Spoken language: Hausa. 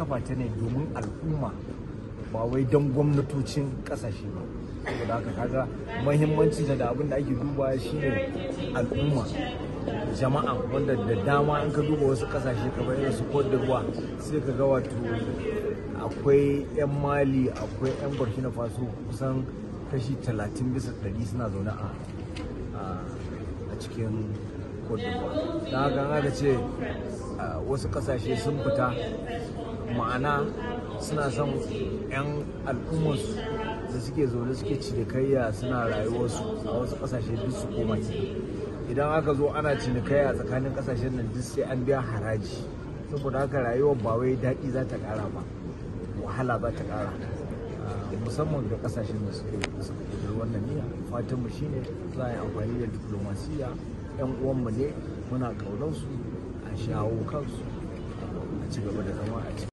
kafa ta ne domin al'umma ba wai don gwamnatocin kasashe ba saboda haka kaga mahimmanci da abin da ake duba shine al'umma jama'a wanda da dama in ka duba wasu kasashe kamar irin su Cote ruwa sai ka ga wato akwai 'yan Mali akwai 'yan Burkina Faso kusan kashi 30 bisa 100 suna zaune a cikin Cote d'Ivoire. Da haka ce wasu kasashe sun fita ma'ana suna son 'yan al'ummarsu da suke zaune suke cinikayya suna rayuwarsu a wasu kasashe duk su koma idan aka zo ana cinikayya tsakanin kasashen nan duk sai an biya haraji saboda haka rayuwar ba wai daɗi za ta ƙara ba wahala za ta ƙara ah, musamman ga kasashen da suke da wannan niyya fatanmu shine za a yi amfani da diplomasiya 'yan uwanmu ne muna su a shawo kansu a ci gaba da zama a